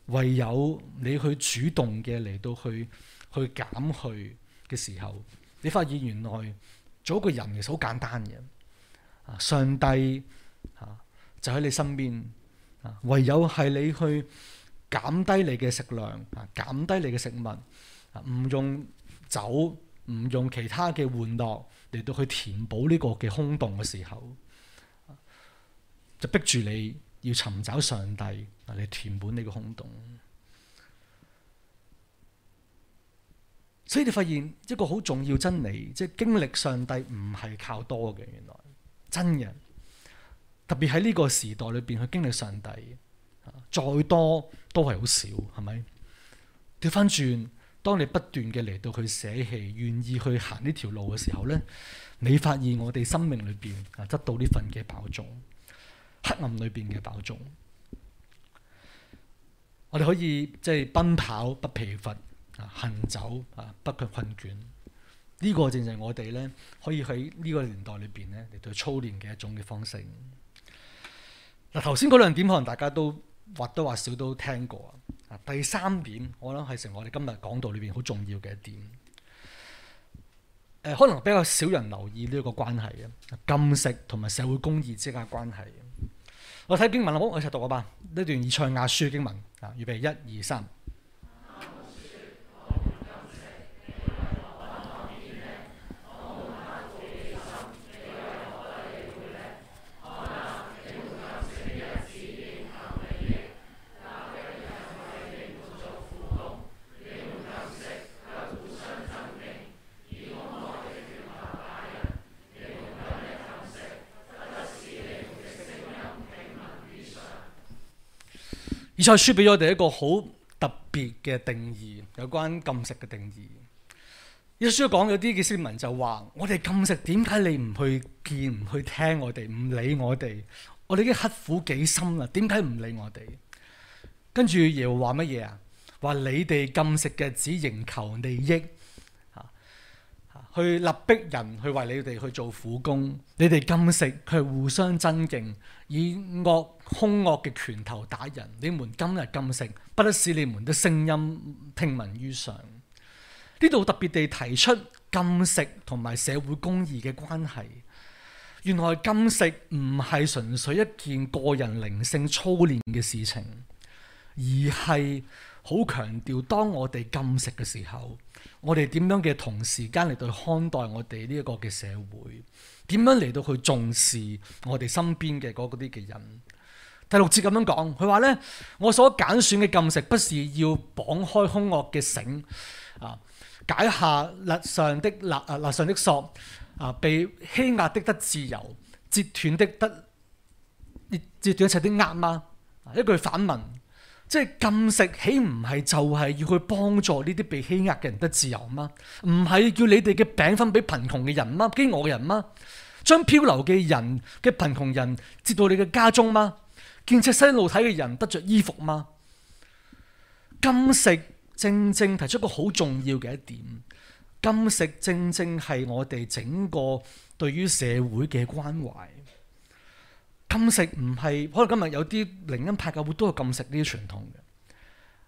唯有你去主動嘅嚟到去。去減去嘅時候，你發現原來做一個人其實好簡單嘅。上帝就喺你身邊。唯有係你去減低你嘅食量啊，減低你嘅食物啊，唔用酒，唔用其他嘅玩樂嚟到去填補呢個嘅空洞嘅時候，就逼住你要尋找上帝你填滿呢個空洞。所以你發現一個好重要的真理，即係經歷上帝唔係靠多嘅。原來真人特別喺呢個時代裏邊去經歷上帝，再多都係好少，係咪？調翻轉，當你不斷嘅嚟到去捨棄、願意去行呢條路嘅時候呢，你發現我哋生命裏邊啊，得到呢份嘅飽足，黑暗裏邊嘅飽足。我哋可以即係、就是、奔跑不疲乏。行走啊，不卻困倦，呢、這個正正我哋咧可以喺呢個年代裏邊咧嚟到操練嘅一種嘅方式。嗱，頭先嗰兩點可能大家都或多或少都聽過啊。第三點，我諗係成我哋今日講道裏邊好重要嘅一點。誒，可能比較少人留意呢一個關係嘅禁食同埋社會公義之間嘅關係。我睇經文好，我一齊讀啊嘛。呢段以賽亞書經文啊，預備一二三。1, 2, 再書俾我哋一個好特別嘅定義，有關禁食嘅定義。一書講有啲嘅僕民就話：我哋禁食，點解你唔去見、唔去聽我哋、唔理我哋？我哋已經刻苦幾深啦，點解唔理我哋？跟住耶穌話乜嘢啊？話你哋禁食嘅只營求利益。去勒逼人，去為你哋去做苦工。你哋禁食，佢係互相爭競，以惡凶惡嘅拳頭打人。你們今日禁食，不得使你們嘅聲音聽聞於上。呢度特別地提出禁食同埋社會公義嘅關係。原來禁食唔係純粹一件個人靈性操練嘅事情，而係。好強調，當我哋禁食嘅時候，我哋點樣嘅同時間嚟到看待我哋呢一個嘅社會？點樣嚟到去重視我哋身邊嘅嗰啲嘅人？第六節咁樣講，佢話咧：我所揀選嘅禁食，不是要綁開兇惡嘅繩啊，解下勒上的勒啊勒上的索啊，被欺壓的得自由，截斷的得截斷一切的壓嗎？一句反問。即係禁食，豈唔係就係要去幫助呢啲被欺壓嘅人得自由嗎？唔係叫你哋嘅餅分俾貧窮嘅人嗎？饑餓嘅人嗎？將漂流嘅人嘅貧窮人接到你嘅家中嗎？見赤身露體嘅人得着衣服嗎？禁食正正提出個好重要嘅一點，禁食正正係我哋整個對於社會嘅關懷。禁食唔係，可能今日有啲靈恩派教會都有禁食呢啲傳統嘅。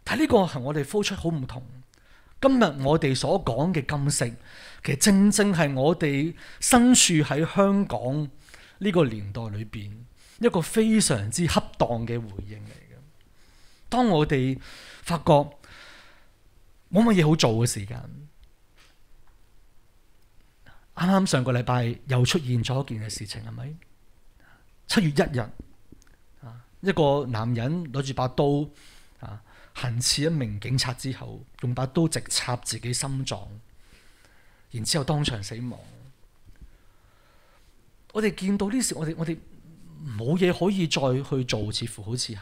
但呢個係我哋 focus 好唔同。今日我哋所講嘅禁食，其實正正係我哋身處喺香港呢個年代裏邊一個非常之恰當嘅回應嚟嘅。當我哋發覺冇乜嘢好做嘅時間，啱啱上個禮拜又出現咗一件嘅事情，係咪？七月一日，一個男人攞住把刀，行刺一名警察之後，用把刀直插自己心臟，然之後當場死亡。我哋見到呢時，我哋我哋冇嘢可以再去做，似乎好似係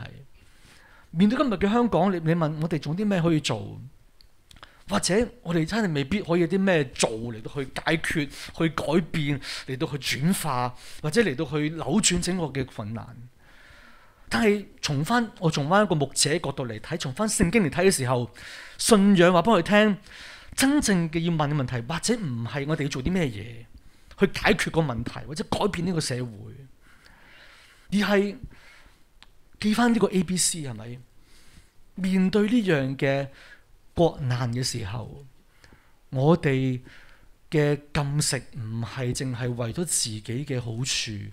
面對今日嘅香港，你你問我哋仲有啲咩可以做？或者我哋真係未必可以有啲咩做嚟到去解決、去改變、嚟到去轉化，或者嚟到去扭轉整個嘅困難。但係從翻我從翻一個牧者角度嚟睇，從翻聖經嚟睇嘅時候，信仰話俾佢聽，真正嘅要問嘅問題，或者唔係我哋要做啲咩嘢去解決個問題，或者改變呢個社會，而係記翻呢個 A、B、C 係咪？面對呢樣嘅。國難嘅時候，我哋嘅禁食唔係淨係為咗自己嘅好處，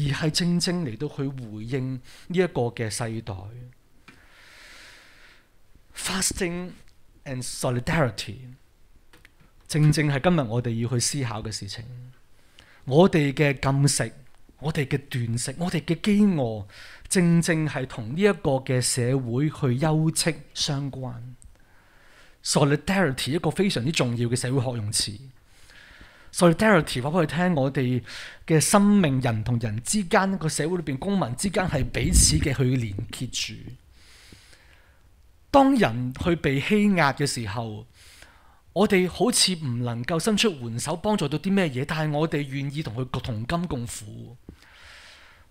而係正正嚟到去回應呢一個嘅世代。Fasting and solidarity，正正係今日我哋要去思考嘅事情。我哋嘅禁食，我哋嘅斷食，我哋嘅飢餓，正正係同呢一個嘅社會去休戚相關。Solidarity 一個非常之重要嘅社會學用詞。Solidarity 話俾佢聽，我哋嘅生命，人同人之間，個社會裏邊，公民之間係彼此嘅去連結住。當人去被欺壓嘅時候，我哋好似唔能夠伸出援手幫助到啲咩嘢，但係我哋願意同佢同甘共苦。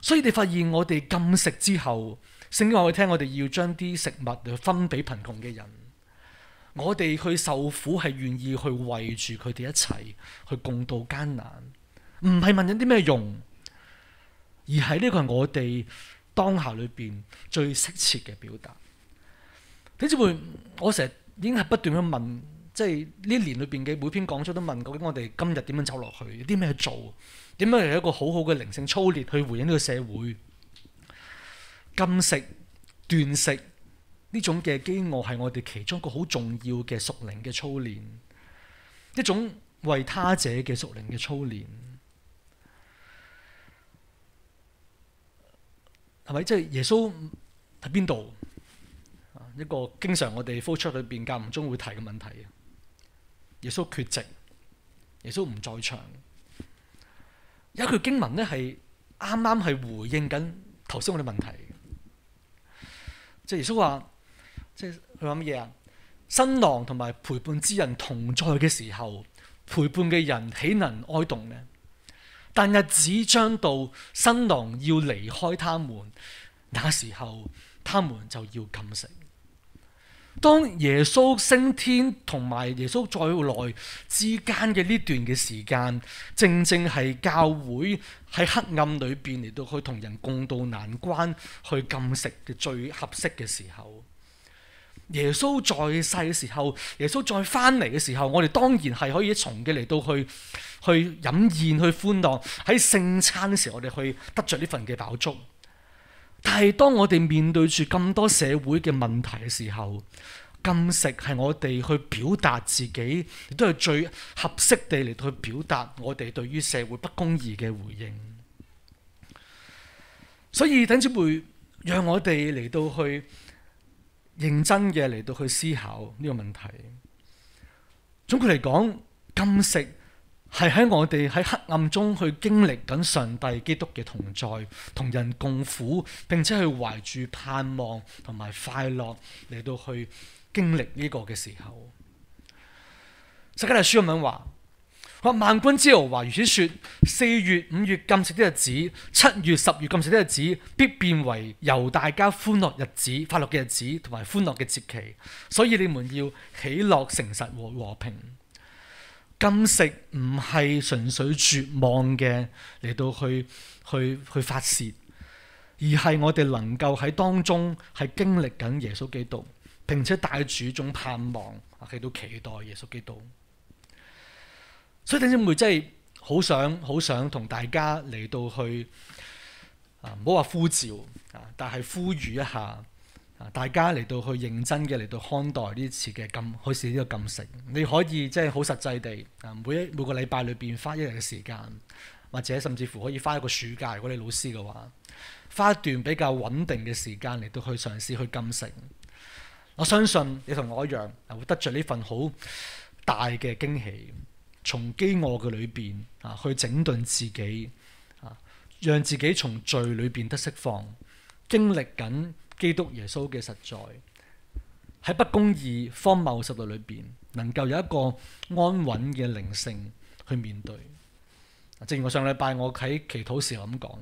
所以你發現我哋禁食之後，聖經話佢聽，我哋要將啲食物分俾貧窮嘅人。我哋去受苦係願意去圍住佢哋一齊去共度艱難，唔係問緊有啲咩用，而喺呢個係我哋當下裏邊最適切嘅表達。弟兄姊妹，我成日已經係不斷咁問，即係呢年裏邊嘅每篇講出都問，究竟我哋今日點樣走落去？有啲咩做？點樣有一個好好嘅靈性操練去回應呢個社會？禁食、斷食。呢種嘅饑餓係我哋其中一個好重要嘅屬靈嘅操練，一種為他者嘅屬靈嘅操練，係咪？即係耶穌喺邊度？一個經常我哋復出裏邊間唔中會提嘅問題嘅，耶穌缺席，耶穌唔在場。有一句經文咧係啱啱係回應緊頭先我哋問題，即係耶穌話。即係佢講乜嘢啊？新郎同埋陪伴之人同在嘅時候，陪伴嘅人豈能哀動呢？但日子將到，新郎要離開他們，那時候他們就要禁食。當耶穌升天同埋耶穌再來之間嘅呢段嘅時間，正正係教會喺黑暗裏邊嚟到去同人共度難關、去禁食嘅最合適嘅時候。耶穌在世嘅時候，耶穌再翻嚟嘅時候，我哋當然係可以從嘅嚟到去去飲宴、去歡樂，喺聖餐嘅時候，我哋去得着呢份嘅飽足。但係當我哋面對住咁多社會嘅問題嘅時候，禁食係我哋去表達自己，亦都係最合適地嚟去表達我哋對於社會不公義嘅回應。所以等姊妹，讓我哋嚟到去。認真嘅嚟到去思考呢個問題。總括嚟講，禁食係喺我哋喺黑暗中去經歷緊上帝基督嘅同在，同人共苦，並且去懷住盼望同埋快樂嚟到去經歷呢個嘅時候。釋迦利舒文話。話萬軍之耶和華如此說：四月、五月禁食的日子，七月、十月禁食的日子，必變為猶大家歡樂日子、快樂嘅日子，同埋歡樂嘅節期。所以你們要喜樂、誠實和和平。禁食唔係純粹絕望嘅嚟到去去去發洩，而係我哋能夠喺當中係經歷緊耶穌基督，並且帶住種盼望，去到期待耶穌基督。所以，弟兄姊妹，即係好想、好想同大家嚟到去啊，唔好話呼召啊，但係呼籲一下啊，大家嚟到去認真嘅嚟到看待呢次嘅禁，好似呢個禁食，你可以即係好實際地啊，每一每個禮拜裏邊花一日嘅時間，或者甚至乎可以花一個暑假，如果你老師嘅話，花一段比較穩定嘅時間嚟到去嘗試去禁食。我相信你同我一樣係會得着呢份好大嘅驚喜。從飢餓嘅裏邊啊，去整頓自己啊，讓自己從罪裏邊得釋放，經歷緊基督耶穌嘅實在喺不公義、荒謬實在裏邊，能夠有一個安穩嘅靈性去面對。正如上我上禮拜我喺祈禱時咁講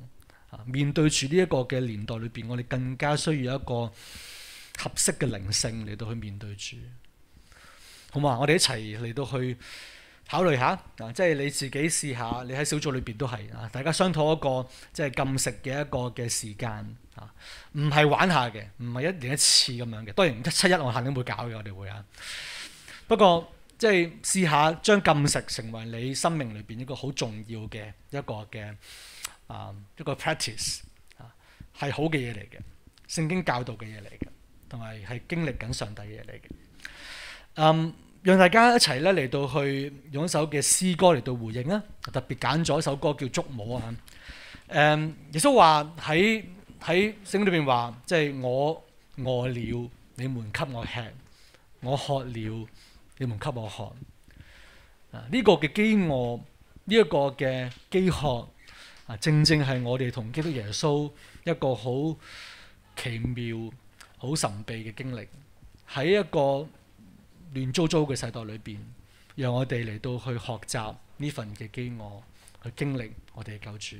啊，面對住呢一個嘅年代裏邊，我哋更加需要一個合適嘅靈性嚟到去面對住。好嘛，我哋一齊嚟到去。考慮下，啊，即係你自己試下，你喺小組裏邊都係啊，大家商討一個即係禁食嘅一個嘅時間啊，唔係玩下嘅，唔係一年一次咁樣嘅，當然七一我肯定會搞嘅，我哋會啊。不過即係試下將禁食成為你生命裏邊一個好重要嘅一個嘅啊一個 practice 啊，係好嘅嘢嚟嘅，聖經教導嘅嘢嚟嘅，同埋係經歷緊上帝嘅嘢嚟嘅。嗯。讓大家一齊咧嚟到去用一首嘅詩歌嚟到回應啊！特別揀咗一首歌叫《觸摸》啊。誒、嗯，耶穌話喺喺聖經裏邊話，即、就、係、是、我餓了，你們給我吃；我渴了，你們給我喝。啊，呢、這個嘅飢餓，呢、這、一個嘅飢渴啊，正正係我哋同基督耶穌一個好奇妙、好神秘嘅經歷。喺一個亂糟糟嘅世代裏邊，讓我哋嚟到去學習呢份嘅飢餓，去經歷我哋嘅救主。